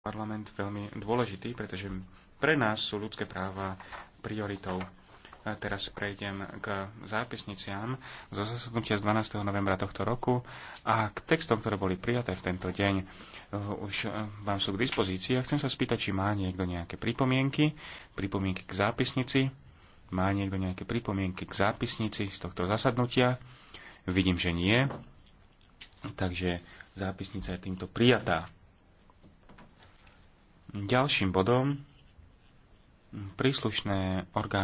parlament veľmi dôležitý, pretože pre nás sú ľudské práva prioritou. A teraz prejdem k zápisniciam zo zasadnutia z 12. novembra tohto roku a k textom, ktoré boli prijaté v tento deň. Eh, už eh, vám sú k dispozícii a chcem sa spýtať, či má niekto nejaké pripomienky, pripomienky k zápisnici. Má niekto nejaké pripomienky k zápisnici z tohto zasadnutia? Vidím, že nie. Takže zápisnica je týmto prijatá. Ďalším bodom príslušné orgány